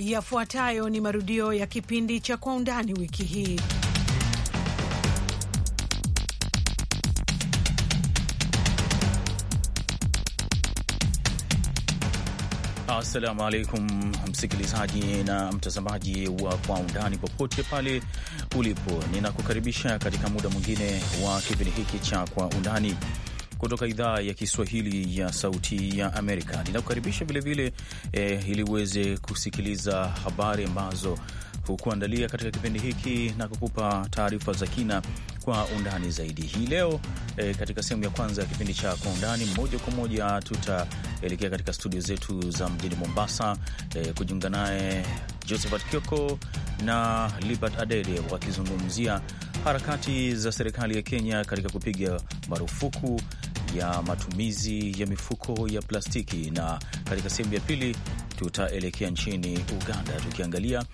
Yafuatayo ni marudio ya kipindi cha Kwa Undani wiki hii. Assalamu alaikum msikilizaji na mtazamaji wa Kwa Undani, popote pale ulipo, ninakukaribisha katika muda mwingine wa kipindi hiki cha Kwa Undani kutoka idhaa ya Kiswahili ya Sauti ya Amerika. Ninakukaribisha vilevile eh, ili uweze kusikiliza habari ambazo hukuandalia katika kipindi hiki na kukupa taarifa za kina kwa undani zaidi hii leo. E, katika sehemu ya kwanza ya kipindi cha kwa undani, moja kwa moja tutaelekea katika studio zetu za mjini Mombasa e, kujiunga naye Josephat Kioko na Libert Adede wakizungumzia harakati za serikali ya Kenya katika kupiga marufuku ya matumizi ya mifuko ya plastiki, na katika sehemu ya pili tutaelekea nchini Uganda tukiangalia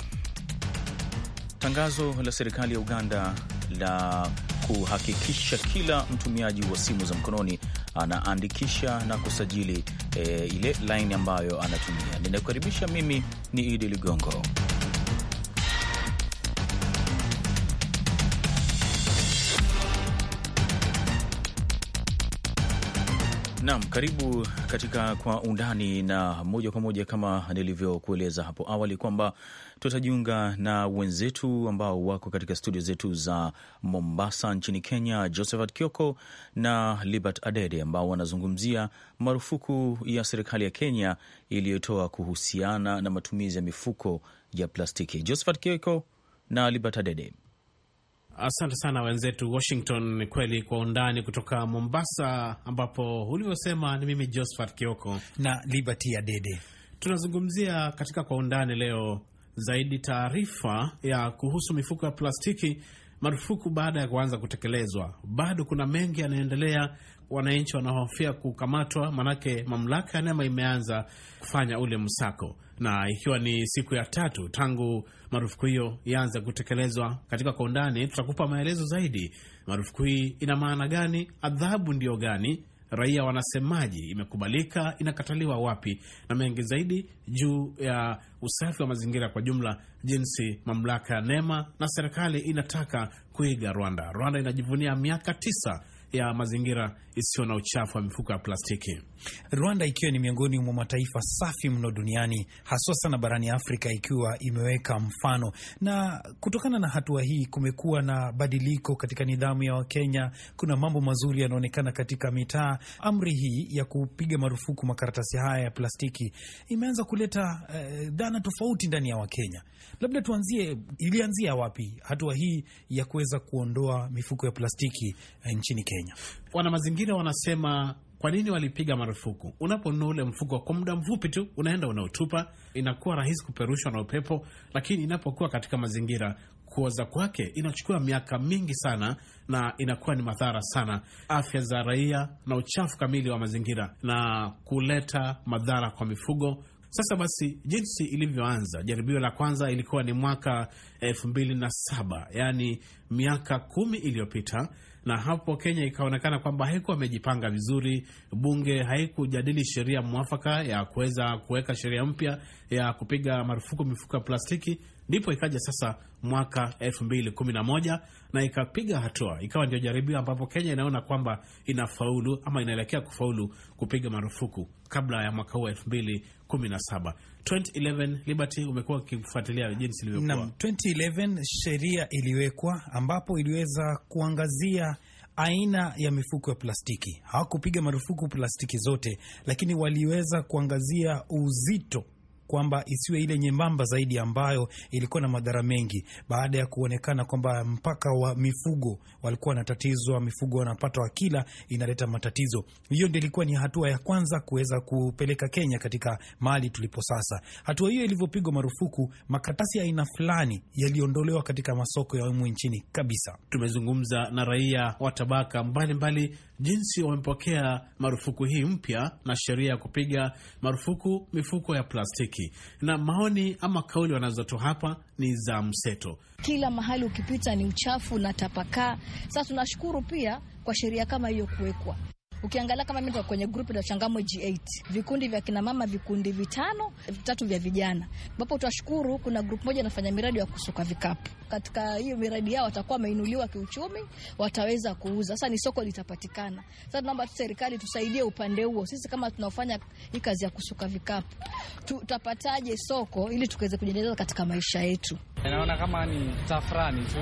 tangazo la serikali ya Uganda la kuhakikisha kila mtumiaji wa simu za mkononi anaandikisha na kusajili e, ile laini ambayo anatumia. Ninakukaribisha, mimi ni Idi Ligongo. Naam, karibu katika Kwa Undani, na moja kwa moja kama nilivyokueleza hapo awali kwamba tutajiunga na wenzetu ambao wako katika studio zetu za Mombasa nchini Kenya, Josephat Kioko na Libert Adede, ambao wanazungumzia marufuku ya serikali ya Kenya iliyotoa kuhusiana na matumizi ya mifuko ya plastiki. Josephat Kioko na Libert Adede. Asante sana wenzetu Washington. Ni kweli kwa undani kutoka Mombasa, ambapo ulivyosema ni mimi Josephat Kioko na Liberty Adede. Tunazungumzia katika kwa undani leo zaidi taarifa ya kuhusu mifuko ya plastiki marufuku baada ya kuanza kutekelezwa. Bado kuna mengi yanaendelea, wananchi wanahofia kukamatwa, manake mamlaka ya NEMA imeanza kufanya ule msako na ikiwa ni siku ya tatu tangu marufuku hiyo ianze kutekelezwa. Katika kwa undani tutakupa maelezo zaidi. Marufuku hii ina maana gani? Adhabu ndiyo gani? Raia wanasemaji? Imekubalika? Inakataliwa wapi? Na mengi zaidi juu ya usafi wa mazingira kwa jumla, jinsi mamlaka ya NEMA na serikali inataka kuiga Rwanda. Rwanda inajivunia miaka tisa ya mazingira isiyo na uchafu wa mifuko ya plastiki. Rwanda ikiwa ni miongoni mwa mataifa safi mno duniani, haswa sana barani Afrika, ikiwa imeweka mfano. Na kutokana na hatua hii, kumekuwa na badiliko katika nidhamu ya Wakenya. Kuna mambo mazuri yanaonekana katika mitaa. Amri hii ya kupiga marufuku makaratasi haya ya plastiki imeanza kuleta eh, dhana tofauti ndani ya Wakenya. Labda tuanzie, ilianzia wapi hatua hii ya kuweza kuondoa mifuko ya plastiki eh, nchini Kenya? Kenya. Wana mazingira wanasema kwa nini walipiga marufuku? Unaponunua ule mfuko kwa muda mfupi tu unaenda unaotupa, inakuwa rahisi kuperushwa na upepo, lakini inapokuwa katika mazingira kuoza kwake inachukua miaka mingi sana, na inakuwa ni madhara sana afya za raia na uchafu kamili wa mazingira na kuleta madhara kwa mifugo. Sasa basi, jinsi ilivyoanza, jaribio la kwanza ilikuwa ni mwaka elfu mbili na saba yaani miaka kumi iliyopita na hapo Kenya ikaonekana kwamba haikuwa amejipanga vizuri. Bunge haikujadili sheria mwafaka ya kuweza kuweka sheria mpya ya kupiga marufuku mifuko ya plastiki Ndipo ikaja sasa mwaka 2011 na ikapiga hatua, ikawa ndio jaribio ambapo Kenya inaona kwamba inafaulu ama inaelekea kufaulu kupiga marufuku kabla ya mwaka huu 2017. 2011 Liberty, umekuwa ukifuatilia jinsi ilivyokuwa. 2011 sheria iliwekwa ambapo iliweza kuangazia aina ya mifuko ya plastiki. Hawakupiga marufuku plastiki zote, lakini waliweza kuangazia uzito kwamba isiwe ile nyembamba zaidi ambayo ilikuwa na madhara mengi, baada ya kuonekana kwamba mpaka wa mifugo walikuwa na tatizo, mifugo wanapata wakila, inaleta matatizo. Hiyo ndio ilikuwa ni hatua ya kwanza kuweza kupeleka Kenya katika mali tulipo sasa. Hatua hiyo ilivyopigwa marufuku, makatasi ya aina fulani yaliondolewa katika masoko ya umu nchini kabisa. Tumezungumza na raia wa tabaka mbalimbali jinsi wamepokea marufuku hii mpya na sheria ya kupiga marufuku mifuko ya plastiki haki, na maoni ama kauli wanazotoa hapa ni za mseto. Kila mahali ukipita ni uchafu na tapakaa. Sasa tunashukuru pia kwa sheria kama hiyo kuwekwa. Ukiangalia kama mimi kwenye grupu la Changamwe G8, vikundi vya kina mama vikundi vitano vitatu vya vijana, ambapo utashukuru kuna grupu moja inafanya miradi ya kusuka vikapu. Katika hiyo miradi yao watakuwa wameinuliwa kiuchumi, wataweza kuuza. Sasa ni soko litapatikana. Sasa tunaomba serikali tusaidie upande huo. Sisi kama tunafanya hii kazi ya kusuka vikapu, tutapataje soko ili tukaweze kujiendeleza katika maisha yetu? Naona kama ni tafrani tu,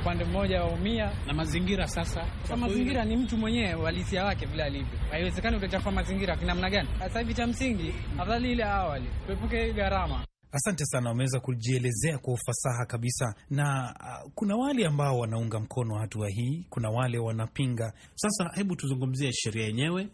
upande mmoja waumia na mazingira. Sasa mazingira ni mtu mwenyewe, walisia wake vile alivyo. Haiwezekani utachafua mazingira kinamna gani? Sasa hivi cha msingi afadhali ile awali, tuepuke hii gharama. Asante sana, wameweza kujielezea kwa ufasaha kabisa, na uh, kuna wale ambao wanaunga mkono hatua hii, kuna wale wanapinga. Sasa hebu tuzungumzie sheria yenyewe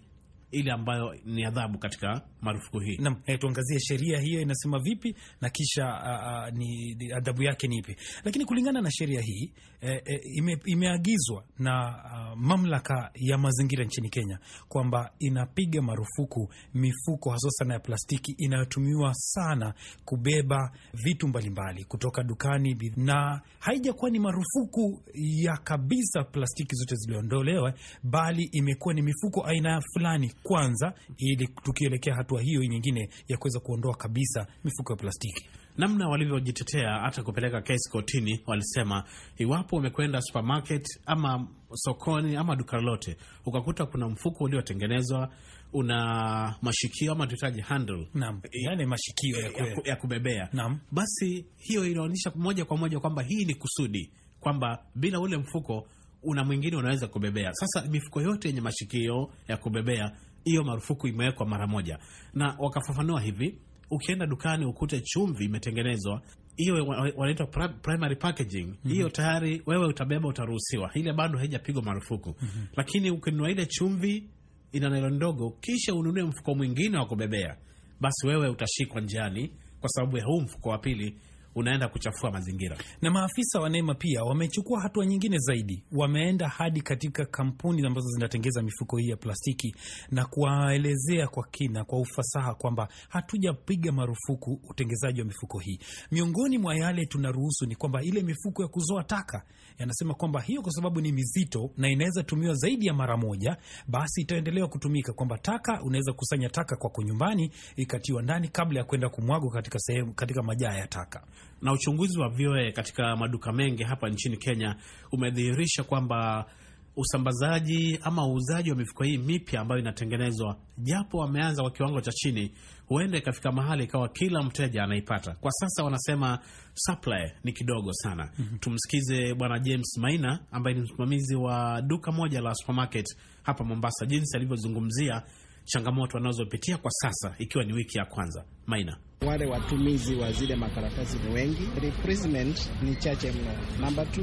ile ambayo ni adhabu katika marufuku hii. Naam, eh, tuangazie sheria hiyo inasema vipi na kisha uh, ni adhabu yake ni ipi. Lakini kulingana na sheria hii eh, eh, ime, imeagizwa na uh, mamlaka ya mazingira nchini Kenya kwamba inapiga marufuku mifuko hasa sana ya plastiki inayotumiwa sana kubeba vitu mbalimbali kutoka dukani na haijakuwa ni marufuku ya kabisa plastiki zote ziliondolewe, bali imekuwa ni mifuko aina fulani kwanza, ili tukielekea hatua hiyo nyingine ya kuweza kuondoa kabisa mifuko ya plastiki. Namna walivyojitetea hata kupeleka kesi kotini, walisema iwapo umekwenda supermarket ama sokoni ama duka lolote ukakuta kuna mfuko uliotengenezwa una mashikio ama tuhitaji handle, naam, yani mashikio ya kubebea, naam, basi hiyo inaonyesha moja kwa moja kwamba hii ni kusudi kwamba bila ule mfuko una mwingine unaweza kubebea. Sasa mifuko yote yenye mashikio ya kubebea hiyo marufuku imewekwa mara moja, na wakafafanua hivi, ukienda dukani ukute chumvi imetengenezwa hiyo wanaitwa primary packaging mm -hmm. Hiyo tayari wewe utabeba, utaruhusiwa, ile bado haijapigwa marufuku mm -hmm. Lakini ukinunua ile chumvi ina nailoni ndogo, kisha ununue mfuko mwingine wa kubebea, basi wewe utashikwa njiani kwa sababu ya huu mfuko wa pili unaenda kuchafua mazingira. Na maafisa wa NEMA pia wamechukua hatua nyingine zaidi, wameenda hadi katika kampuni ambazo zinatengeza mifuko hii ya plastiki na kuwaelezea kwa kina, kwa ufasaha kwamba hatujapiga marufuku utengezaji wa mifuko hii. Miongoni mwa yale tunaruhusu ni kwamba ile mifuko ya kuzoa taka yanasema kwamba hiyo kwa sababu ni mizito na inaweza tumiwa zaidi ya mara moja, basi itaendelewa kutumika, kwamba taka unaweza kusanya taka kwako nyumbani ikatiwa ndani kabla ya kwenda kumwagwa katika sehemu, katika majaa ya taka. Na uchunguzi wa VOA katika maduka mengi hapa nchini Kenya umedhihirisha kwamba usambazaji ama uuzaji wa mifuko hii mipya ambayo inatengenezwa, japo wameanza kwa kiwango cha chini, huenda ikafika mahali ikawa kila mteja anaipata. Kwa sasa wanasema supply ni kidogo sana. mm -hmm. Tumsikize Bwana James Maina ambaye ni msimamizi wa duka moja la supermarket hapa Mombasa, jinsi alivyozungumzia changamoto anazopitia kwa sasa, ikiwa ni wiki ya kwanza. Maina wale watumizi wa zile makaratasi ni wengi, replacement ni chache mno. Namba two,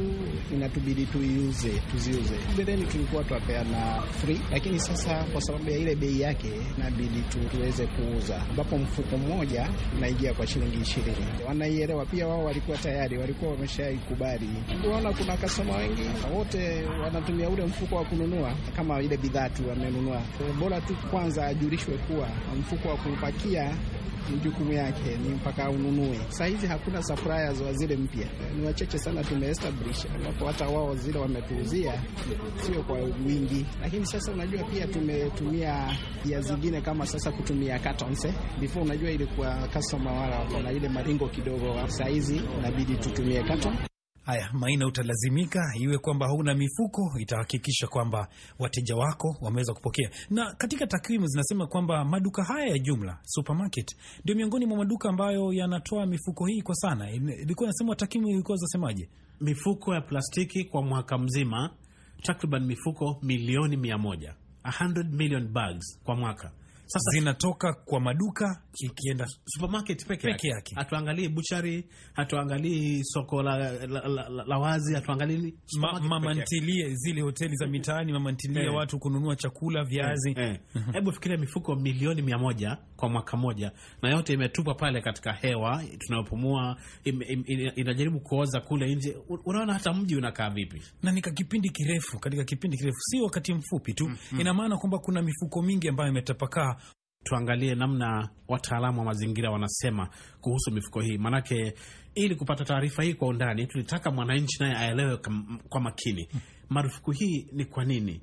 inatubidi tuiuze, tuziuze. Mbeleni tulikuwa na free, lakini sasa kwa sababu ya ile bei yake inabidi tu, tuweze kuuza, ambapo mfuko mmoja unaingia kwa shilingi ishirini. Wanaielewa pia, wao walikuwa tayari, walikuwa wameshaikubali. Unaona, kuna kasoma wengi, wote wanatumia ule mfuko wa kununua, kama ile bidhaa tu wamenunua. Bora tu kwanza ajulishwe kuwa mfuko wa kupakia ni jukumu yake, ni mpaka ununue. hizi hakuna suppliers wa zile mpya, ni wachache sana tumeestablish, ambapo hata wao zile wametuuzia sio kwa wingi. Lakini sasa unajua pia tumetumia njia zingine, kama sasa kutumia cartons eh. Before unajua ilikuwa customer wala wako na ile maringo kidogo, hizi inabidi tutumie carton. Haya, Maina, utalazimika iwe kwamba huna mifuko, itahakikisha kwamba wateja wako wameweza kupokea. Na katika takwimu zinasema kwamba maduka haya ya jumla supermarket ndio miongoni mwa maduka ambayo yanatoa mifuko hii kwa sana. Ilikuwa inasemwa, takwimu ilikuwa zinasemaje? Mifuko ya plastiki kwa mwaka mzima takriban mifuko milioni mia moja, 100 million bags kwa mwaka sasa zinatoka kwa maduka ikienda supermarket peke yake yake, hatuangalii buchari, hatuangalii soko la, la, la, la wazi, hatuangalii ma, mamantilie zile hoteli za mitaani mamantilie hey, eh. watu kununua chakula eh, viazi. Eh. Hebu hey, fikiria mifuko milioni mia moja kwa mwaka moja, na yote imetupwa pale katika hewa tunayopumua, im, im, im, inajaribu kuoza kule nje. Unaona hata mji unakaa vipi, na ni kipindi kirefu, katika kipindi kirefu, si wakati mfupi tu mm, mm. Ina maana kwamba kuna mifuko mingi ambayo imetapakaa tuangalie namna wataalamu wa mazingira wanasema kuhusu mifuko hii, maanake ili kupata taarifa hii kwa undani, tulitaka mwananchi naye aelewe kwa makini marufuku hii ni kwa nini,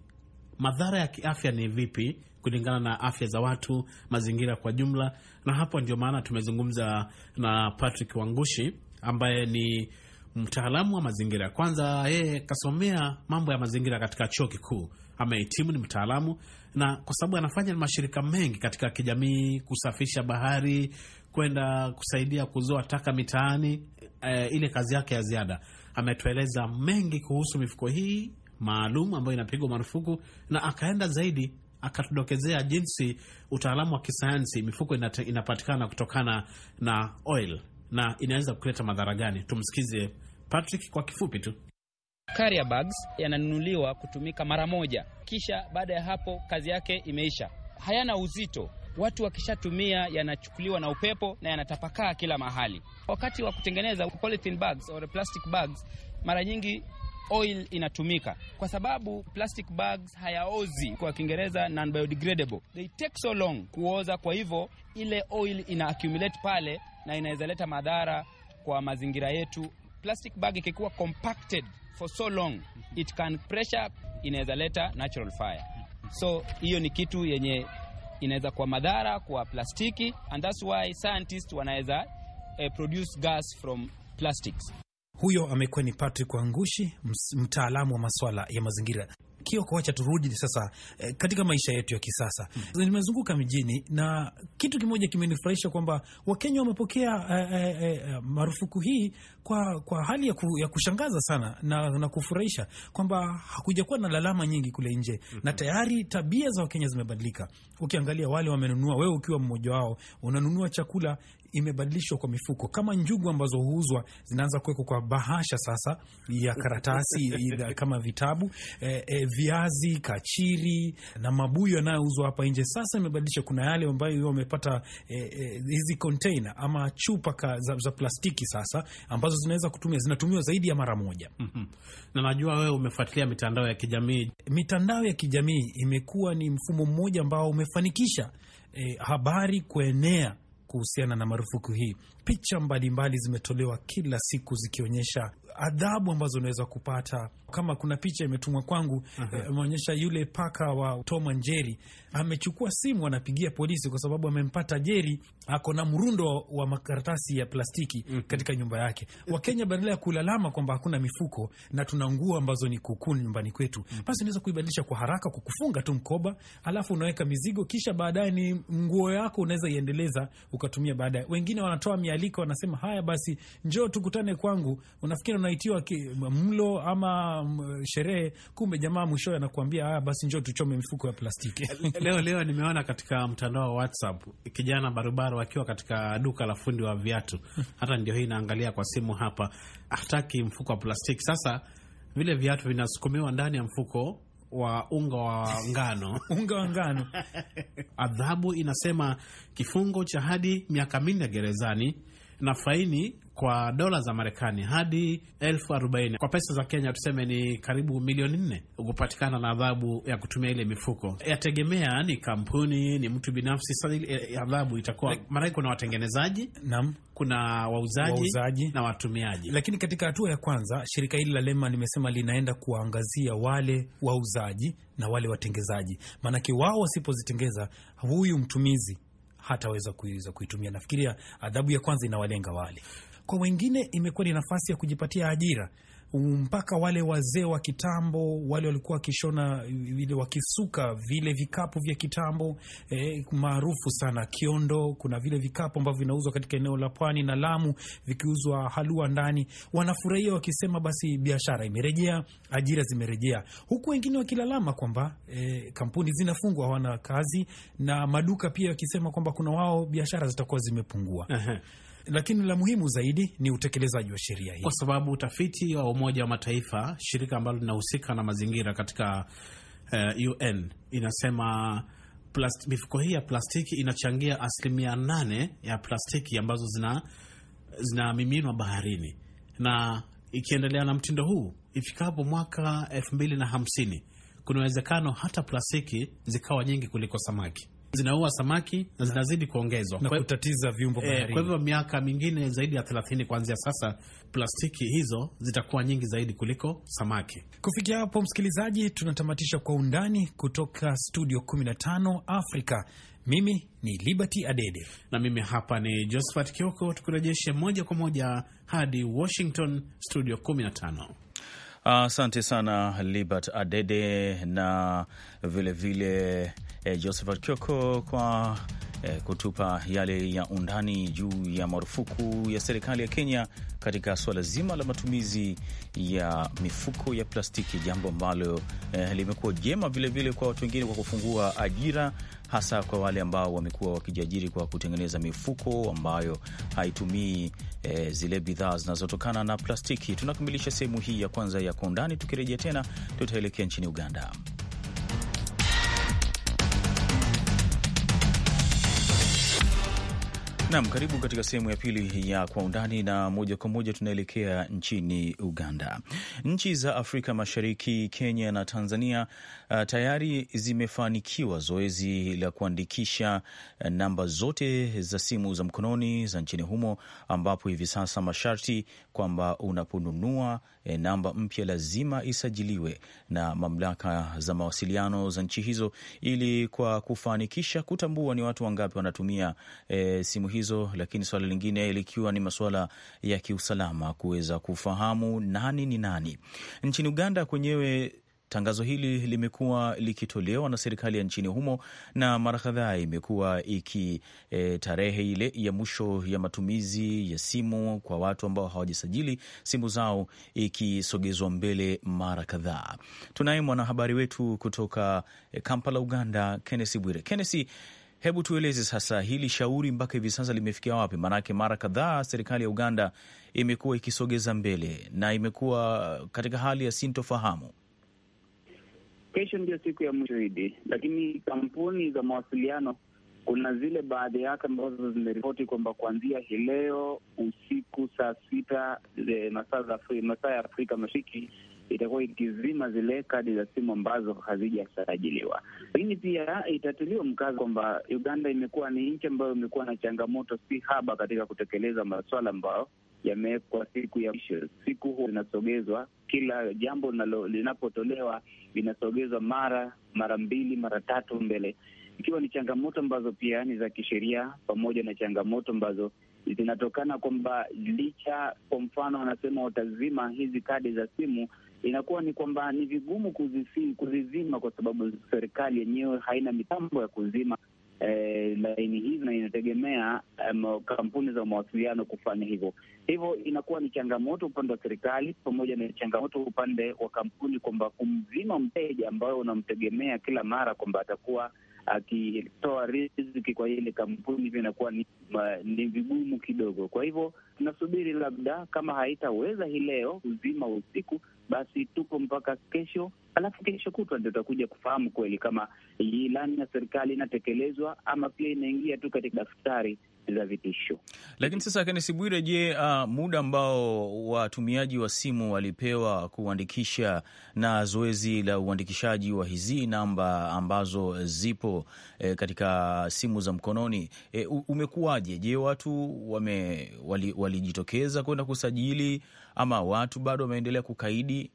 madhara ya kiafya ni vipi kulingana na afya za watu, mazingira kwa jumla. Na hapo ndio maana tumezungumza na Patrick Wangushi ambaye ni mtaalamu wa mazingira. Kwanza yeye kasomea mambo ya mazingira katika chuo kikuu, amehitimu, ni mtaalamu na kwa sababu anafanya mashirika mengi katika kijamii, kusafisha bahari, kwenda kusaidia kuzoa taka mitaani, e, ile kazi yake ya ziada. Ametueleza mengi kuhusu mifuko hii maalum ambayo inapigwa marufuku, na akaenda zaidi akatudokezea jinsi utaalamu wa kisayansi mifuko inapatikana kutokana na oil na inaweza kuleta madhara gani. Tumsikize Patrick kwa kifupi tu. Carrier bags yananunuliwa kutumika mara moja, kisha baada ya hapo kazi yake imeisha. Hayana uzito, watu wakishatumia yanachukuliwa na upepo na yanatapakaa kila mahali. Wakati wa kutengeneza polythene bags or plastic bags, mara nyingi oil inatumika kwa sababu plastic bags hayaozi, kwa Kiingereza non biodegradable, they take so long kuoza. Kwa hivyo ile oil ina accumulate pale na inaweza leta madhara kwa mazingira yetu. Plastic bag ikikuwa compacted for so long it can pressure inaweza leta natural fire. So hiyo ni kitu yenye inaweza kuwa madhara kwa plastiki and that's why scientists wanaweza uh, produce gas from plastics. Huyo amekuwa ni Patrick Wangushi, mtaalamu wa masuala ya mazingira. Kioko, wacha turudi sasa eh, katika maisha yetu ya kisasa mm. Nimezunguka mjini na kitu kimoja kimenifurahisha kwamba Wakenya wamepokea eh, eh, eh, marufuku hii kwa, kwa hali ya, ku, ya kushangaza sana na, na kufurahisha kwamba hakujakuwa na lalama nyingi kule nje mm -hmm. Na tayari tabia za Wakenya zimebadilika. Ukiangalia wale wamenunua, wewe ukiwa mmoja wao unanunua chakula imebadilishwa kwa mifuko, kama njugu ambazo huuzwa zinaanza kuwekwa kwa bahasha sasa ya karatasi kama vitabu e, e, viazi, kachiri na mabuyu yanayouzwa hapa nje sasa imebadilisha. Kuna yale ambayo wamepata hizi e, e, container ama chupa za, za plastiki sasa ambazo zinaweza kutumia zinatumiwa zaidi ya mara moja. mm -hmm. Na najua wewe umefuatilia mitandao ya kijamii. Mitandao ya kijamii imekuwa ni mfumo mmoja ambao umefanikisha e, habari kuenea kuhusiana na marufuku hii. Picha mbalimbali mbali zimetolewa kila siku zikionyesha adhabu ambazo unaweza kupata. Kama kuna picha imetumwa kwangu eh, imeonyesha uh -huh. yule paka wa Tom and Jerry amechukua simu, anapigia polisi kwa sababu amempata Jerry ako na mrundo wa makaratasi ya plastiki mm -hmm. katika nyumba yake. Wakenya badala ya kulalama kwamba hakuna mifuko na tuna nguo ambazo ni kukuni nyumbani kwetu mm -hmm. basi unaweza kuibadilisha kwa haraka kwa kufunga tu mkoba, alafu unaweka mizigo, kisha baadaye ni nguo yako unaweza iendeleza ukatumia baadaye. Wengine wanatoa mialiko, wanasema haya basi, njoo tukutane kwangu, unafikiri unaitiwa mlo ama mm, sherehe, kumbe jamaa mwishowe anakuambia haya, basi njoo tuchome mifuko ya plastiki. Leo leo nimeona katika mtandao wa WhatsApp kijana barubaru akiwa katika duka la fundi wa viatu, hata ndio hii naangalia kwa simu hapa, hataki mfuko wa plastiki. Sasa vile viatu vinasukumiwa ndani ya mfuko wa unga wa ngano unga wa ngano. Adhabu inasema kifungo cha hadi miaka minne gerezani na faini kwa dola za Marekani hadi elfu arobaini kwa pesa za Kenya tuseme ni karibu milioni nne kupatikana na adhabu ya kutumia ile mifuko. Yategemea ni kampuni ni mtu binafsi. Sasa adhabu itakuwa mara kuna watengenezaji nam, kuna wauzaji, wauzaji na watumiaji. Lakini katika hatua ya kwanza shirika hili la Lema limesema linaenda kuwaangazia wale wauzaji na wale watengezaji, maanake wao wasipozitengeza huyu mtumizi hataweza kuiza kuitumia. Nafikiria adhabu ya kwanza inawalenga wale kwa wengine imekuwa ni nafasi ya kujipatia ajira mpaka wale wazee wa kitambo wale walikuwa wakishona vile wakisuka vile vikapu vya kitambo eh, maarufu sana kiondo. Kuna vile vikapu ambavyo vinauzwa katika eneo la Pwani na Lamu, vikiuzwa halua ndani, wanafurahia wakisema, basi biashara imerejea, ajira zimerejea, huku wengine wakilalama kwamba eh, kampuni zinafungwa, hawana kazi, na maduka pia wakisema kwamba kuna wao biashara zitakuwa zimepungua. Aha lakini la muhimu zaidi ni utekelezaji wa sheria hii, kwa sababu utafiti wa Umoja wa Mataifa, shirika ambalo linahusika na mazingira katika uh, eh, UN inasema plast, mifuko hii ya plastiki inachangia asilimia nane ya plastiki ambazo zina zinamiminwa baharini, na ikiendelea na mtindo huu ifikapo mwaka elfu mbili na hamsini kuna uwezekano hata plastiki zikawa nyingi kuliko samaki zinaua samaki na zinazidi kuongezwa na kutatiza viumbe eh, baharini. Kwa hivyo miaka mingine zaidi ya 30 kuanzia sasa, plastiki hizo zitakuwa nyingi zaidi kuliko samaki. Kufikia hapo, msikilizaji, tunatamatisha kwa undani kutoka studio 15 Afrika. Mimi ni Liberty Adede na mimi hapa ni Josephat Kioko, tukurejeshe moja kwa moja hadi Washington, studio 15. Asante uh, sana Libert Adede na vilevile vile eh, Josephat Kioko kwa eh, kutupa yale ya undani juu ya marufuku ya serikali ya Kenya katika suala zima la matumizi ya mifuko ya plastiki, jambo ambalo eh, limekuwa jema vilevile kwa watu wengine kwa kufungua ajira hasa kwa wale ambao wamekuwa wakijiajiri kwa kutengeneza mifuko ambayo haitumii e, zile bidhaa zinazotokana na plastiki. Tunakamilisha sehemu hii ya kwanza ya Kwa Undani. Tukirejea tena, tutaelekea nchini Uganda. Nam, karibu katika sehemu ya pili ya kwa undani, na moja kwa moja tunaelekea nchini Uganda. Nchi za Afrika Mashariki, Kenya na Tanzania uh, tayari zimefanikiwa zoezi la kuandikisha uh, namba zote za simu za mkononi za nchini humo, ambapo hivi sasa masharti kwamba unaponunua E, namba mpya lazima isajiliwe na mamlaka za mawasiliano za nchi hizo ili kwa kufanikisha kutambua ni watu wangapi wanatumia e, simu hizo hizo, lakini swala lingine likiwa ni masuala ya kiusalama, kuweza kufahamu nani ni nani nchini Uganda kwenyewe. Tangazo hili limekuwa likitolewa na serikali ya nchini humo na mara kadhaa imekuwa iki e, tarehe ile ya mwisho ya matumizi ya simu kwa watu ambao hawajasajili simu zao ikisogezwa mbele mara kadhaa. Tunaye mwanahabari wetu kutoka Kampala, Uganda, Kennesi Bwire. Kennesi, Hebu tueleze sasa hili shauri mpaka hivi sasa limefikia wapi? Maanake mara kadhaa serikali ya Uganda imekuwa ikisogeza mbele na imekuwa katika hali ya sintofahamu. Kesho ndio siku ya mwisho hidi, lakini kampuni za mawasiliano kuna zile baadhi yake ambazo zimeripoti kwamba kuanzia hii leo usiku saa sita eh, masaa ya Afrika Mashariki itakuwa ikizima zile kadi za simu ambazo hazijasajiliwa. Lakini pia itatiliwa mkazo kwamba Uganda imekuwa ni nchi ambayo imekuwa na changamoto si haba katika kutekeleza maswala ambayo yamewekwa siku ya mwisho. Siku huo linasogezwa, kila jambo linapotolewa linasogezwa mara mara mbili mara tatu mbele, ikiwa ni changamoto ambazo pia ni za kisheria, pamoja na changamoto ambazo zinatokana kwamba licha, kwa mfano, wanasema watazima hizi kadi za simu, inakuwa ni kwamba ni vigumu kuzisi, kuzizima kwa sababu serikali yenyewe haina mitambo ya kuzima eh, laini hizi na inategemea um, kampuni za mawasiliano kufanya hivyo. Hivyo inakuwa ni changamoto upande wa serikali pamoja na changamoto upande wa kampuni kwamba kumzima mteja ambayo unamtegemea kila mara kwamba atakuwa akitoa riziki kwa ile kampuni, hivyo inakuwa ni, ni vigumu kidogo. Kwa hivyo tunasubiri labda kama haitaweza hii leo kuzima usiku, basi tuko mpaka kesho, alafu kesho kutwa ndio tutakuja kufahamu kweli kama hii ilani ya serikali inatekelezwa ama pia inaingia tu katika daftari za vitisho. Lakini sasa, Kenesi Bwire, je, uh, muda ambao watumiaji wa simu walipewa kuandikisha na zoezi la uandikishaji wa hizi namba ambazo zipo eh, katika simu za mkononi eh, umekuwaje? Je, watu wame walijitokeza wali kwenda kusajili ama watu bado wameendelea kukaidi?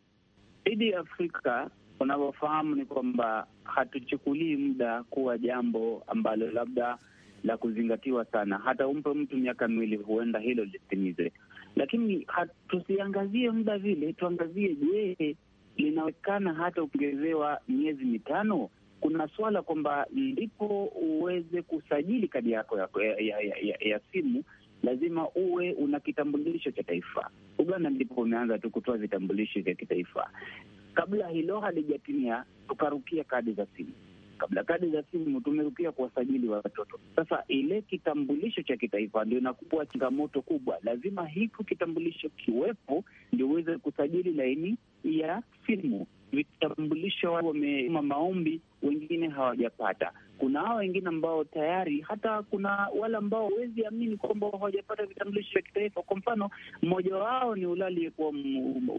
Idi Afrika, unavyofahamu ni kwamba hatuchukulii muda kuwa jambo ambalo labda la kuzingatiwa sana. Hata umpe mtu miaka miwili, huenda hilo litimize, lakini tusiangazie muda vile, tuangazie je, linawezekana hata ukiongezewa miezi mitano. Kuna suala kwamba ndipo uweze kusajili kadi yako ya, ya, ya, ya, ya simu lazima uwe una kitambulisho cha taifa. Uganda ndipo umeanza tu kutoa vitambulisho vya kitaifa. Kabla hilo halijatimia, tukarukia kadi za simu kabla kadi za simu tumerukia kuwasajili watoto. Sasa ile kitambulisho cha kitaifa ndio inakuwa changamoto kubwa. Lazima hiko kitambulisho kiwepo ndio uweze kusajili laini ya simu. Vitambulisho wameuma maombi, wengine hawajapata. Kuna hao wengine ambao tayari, hata kuna wale ambao wezi amini kwamba hawajapata vitambulisho vya kitaifa. Kwa mfano, mmoja wao ni ule aliyekuwa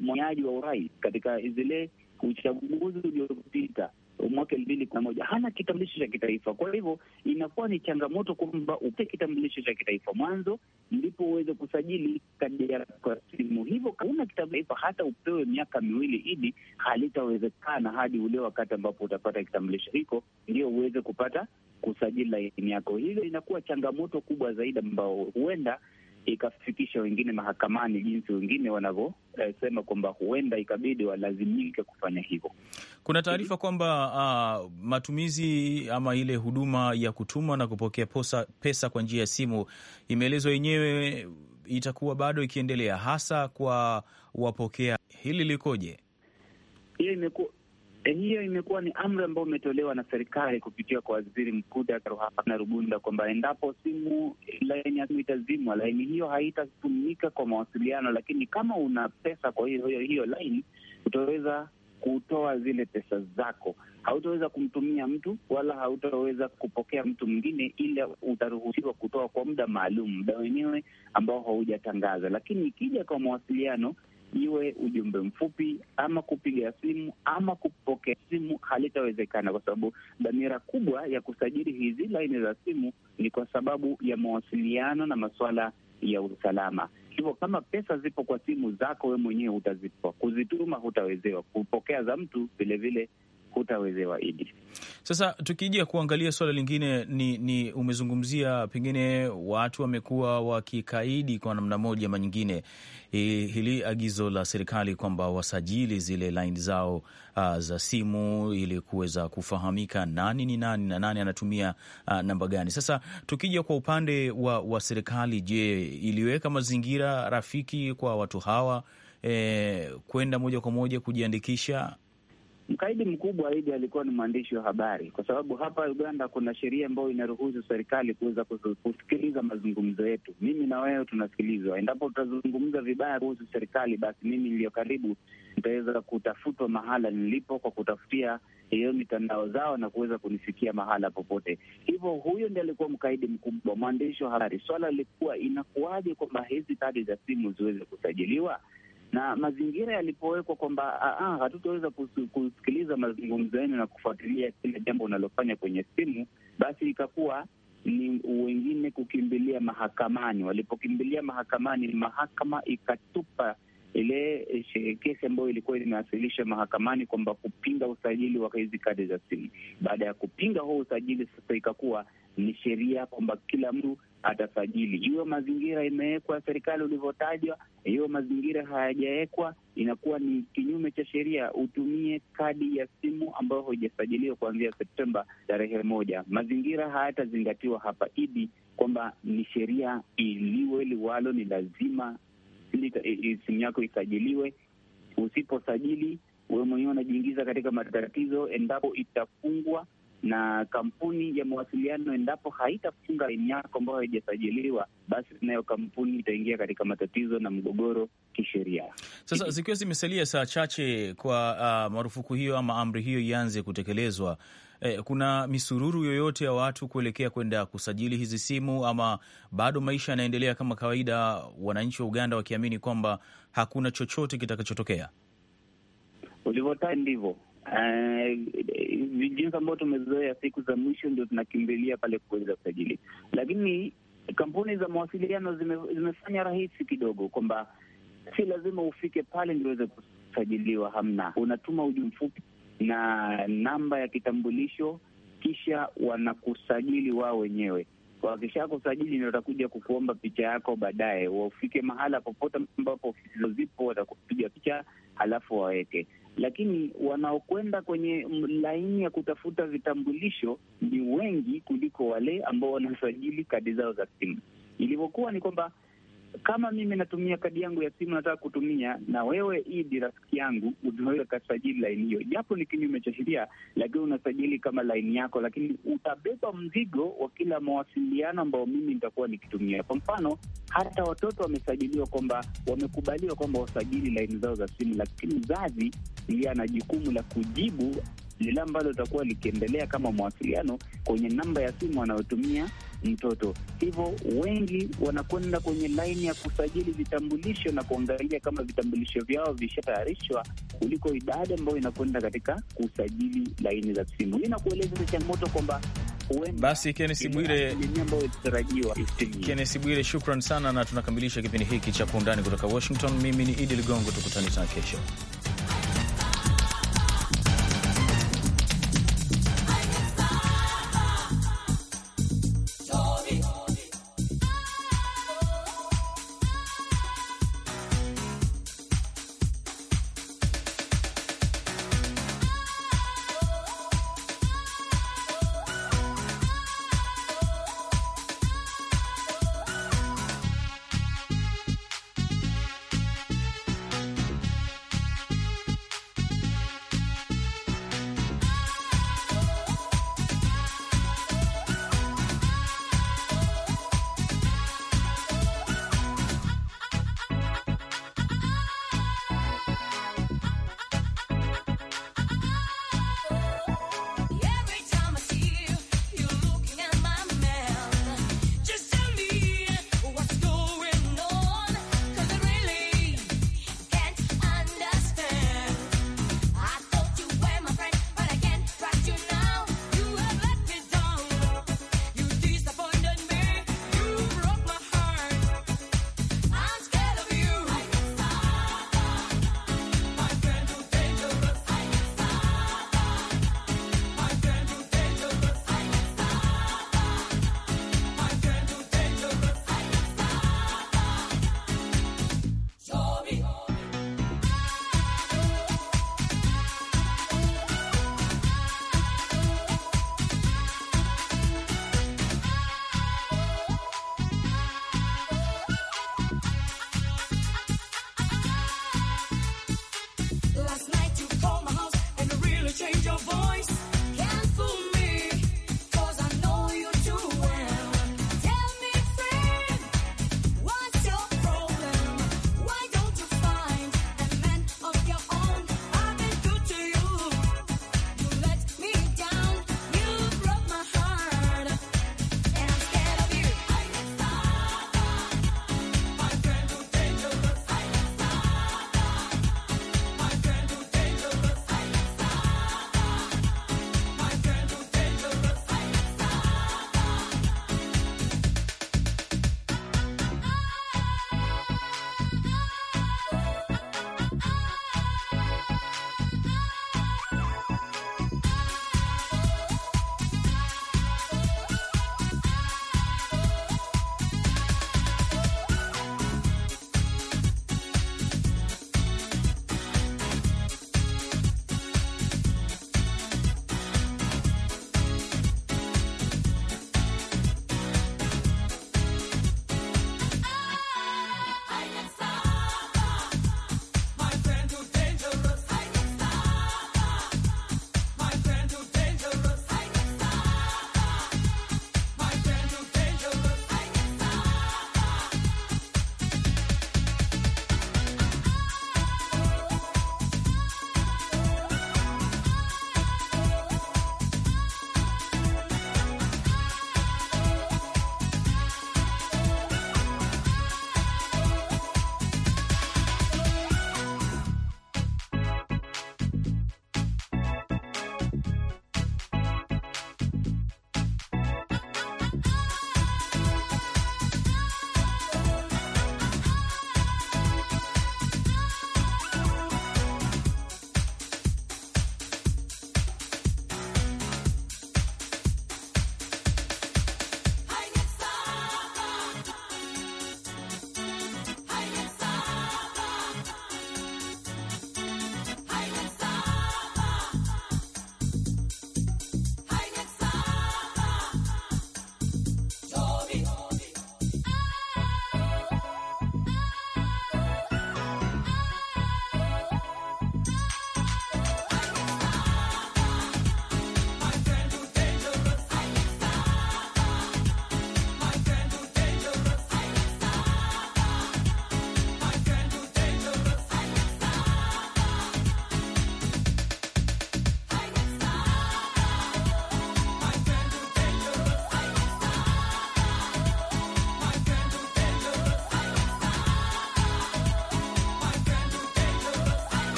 mwaniaji wa urais katika zile uchaguzi uliopita mwaka elfu mbili kumi na moja hana kitambulisho cha kitaifa. Kwa hivyo inakuwa ni changamoto kwamba upe kitambulisho cha kitaifa mwanzo, ndipo uweze kusajili kadi yako ya simu. Hivyo kauna kitaifa hata upewe miaka miwili, ili halitawezekana hadi ule wakati ambapo utapata kitambulisho hiko, ndio uweze kupata kusajili laini yako. hivyo inakuwa changamoto kubwa zaidi, ambao huenda ikafikisha wengine mahakamani jinsi wengine wanavyosema, eh, kwamba huenda ikabidi walazimike kufanya hivyo. Kuna taarifa kwamba uh, matumizi ama ile huduma ya kutuma na kupokea posa, pesa kwa njia ya simu imeelezwa yenyewe itakuwa bado ikiendelea hasa kwa wapokea. Hili likoje? Hiyo imekuwa Eh, hiyo imekuwa ni amri ambayo imetolewa na serikali kupitia kwa waziri mkuu Daktari Ruhakana Rubunda kwamba endapo simu laini ya simu itazimwa, laini hiyo haitatumika kwa mawasiliano, lakini kama una pesa kwa hiyo hiyo, hiyo laini utaweza kutoa zile pesa zako. Hautaweza kumtumia mtu wala hautaweza kupokea mtu mwingine, ila utaruhusiwa kutoa kwa muda maalum, muda wenyewe ambao haujatangaza. Lakini ikija kwa mawasiliano, iwe ujumbe mfupi ama kupiga simu ama kupokea simu, halitawezekana kwa sababu dhamira kubwa ya kusajili hizi laini za simu ni kwa sababu ya mawasiliano na masuala ya usalama. Hivyo kama pesa zipo kwa simu zako, we mwenyewe utazitoa, kuzituma hutawezewa, kupokea za mtu vilevile hutawezewa idi. Sasa tukija kuangalia suala lingine ni, ni umezungumzia pengine watu wamekuwa wakikaidi kwa namna moja ama nyingine e, hili agizo la serikali kwamba wasajili zile laini zao a, za simu ili kuweza kufahamika nani ni nani na nani anatumia namba gani. Sasa tukija kwa upande wa, wa serikali, je, iliweka mazingira rafiki kwa watu hawa e, kwenda moja kwa moja kujiandikisha Mkaidi mkubwa Idi alikuwa ni mwandishi wa habari, kwa sababu hapa Uganda kuna sheria ambayo inaruhusu serikali kuweza kusikiliza mazungumzo yetu. Mimi na wewe tunasikilizwa. Endapo tutazungumza vibaya kuhusu serikali, basi mimi niliyo karibu nitaweza kutafutwa mahala nilipo kwa kutafutia hiyo mitandao zao na kuweza kunisikia mahala popote. Hivyo huyo ndiye alikuwa mkaidi mkubwa, mwandishi wa habari. Swala lilikuwa inakuwaje kwamba hizi kadi za simu ziweze kusajiliwa? na mazingira yalipowekwa kwamba ah, ah, hatutaweza kusikiliza mazungumzo yenu na kufuatilia kile jambo unalofanya kwenye simu, basi ikakuwa ni wengine kukimbilia mahakamani. Walipokimbilia mahakamani, mahakama ikatupa ile eh, kesi ambayo ilikuwa imewasilisha mahakamani kwamba kupinga usajili wa hizi kadi za simu. Baada ya kupinga huo usajili, sasa ikakuwa ni sheria kwamba kila mtu atasajili. Hiyo mazingira imewekwa ya serikali ulivyotajwa, hiyo mazingira hayajawekwa, inakuwa ni kinyume cha sheria utumie kadi ya simu ambayo haijasajiliwa kuanzia Septemba tarehe moja. Mazingira hayatazingatiwa hapa idi kwamba ni sheria iliwe liwalo, ni lazima simu yako isajiliwe. Usiposajili wewe mwenyewe unajiingiza katika matatizo endapo itafungwa na kampuni ya mawasiliano, endapo haitafunga laini yako ambayo haijasajiliwa, basi nayo kampuni itaingia katika matatizo na mgogoro kisheria. Sasa zikiwa zimesalia saa chache kwa uh, marufuku hiyo ama amri hiyo ianze kutekelezwa, eh, kuna misururu yoyote ya watu kuelekea kwenda kusajili hizi simu ama bado maisha yanaendelea kama kawaida, wananchi wa Uganda wakiamini kwamba hakuna chochote kitakachotokea? Ulivyotaja ndivyo uh, jinsi ambayo tumezoea siku za mwisho ndio tunakimbilia pale kuweza kusajili, lakini kampuni za mawasiliano zime, zimefanya rahisi kidogo kwamba si lazima ufike pale ndio uweze kusajiliwa. Hamna, unatuma ujumbe mfupi na namba ya kitambulisho, kisha wanakusajili wao wenyewe. Wakisha kusajili ndio watakuja kukuomba picha yako, baadaye wafike mahala popote ambapo ofisi zipo, watakupiga picha halafu waweke lakini wanaokwenda kwenye laini ya kutafuta vitambulisho ni wengi kuliko wale ambao wanasajili kadi zao za simu. Ilivyokuwa ni kwamba kama mimi natumia kadi yangu ya simu, nataka kutumia na wewe, Idi rafiki yangu, unaweza ukasajili laini hiyo, japo ni kinyume cha sheria, lakini unasajili kama laini yako, lakini utabeba mzigo wa kila mawasiliano ambayo mimi nitakuwa nikitumia. Kwa mfano, hata watoto wamesajiliwa kwamba wamekubaliwa kwamba wasajili laini zao za simu, lakini mzazi ndiye ana jukumu la kujibu lile ambalo litakuwa likiendelea kama mawasiliano kwenye namba ya simu anayotumia mtoto. Hivyo wengi wanakwenda kwenye laini ya kusajili vitambulisho na kuangalia kama vitambulisho vyao vishatayarishwa kuliko idadi ambayo inakwenda katika kusajili laini za simu. Hii nakueleza changamoto kwamba basi Kenesi Bwire, Kenesi Bwire, shukran sana, na tunakamilisha kipindi hiki cha Kwa Undani kutoka Washington. Mimi ni Idi Ligongo, tukutane tena kesho.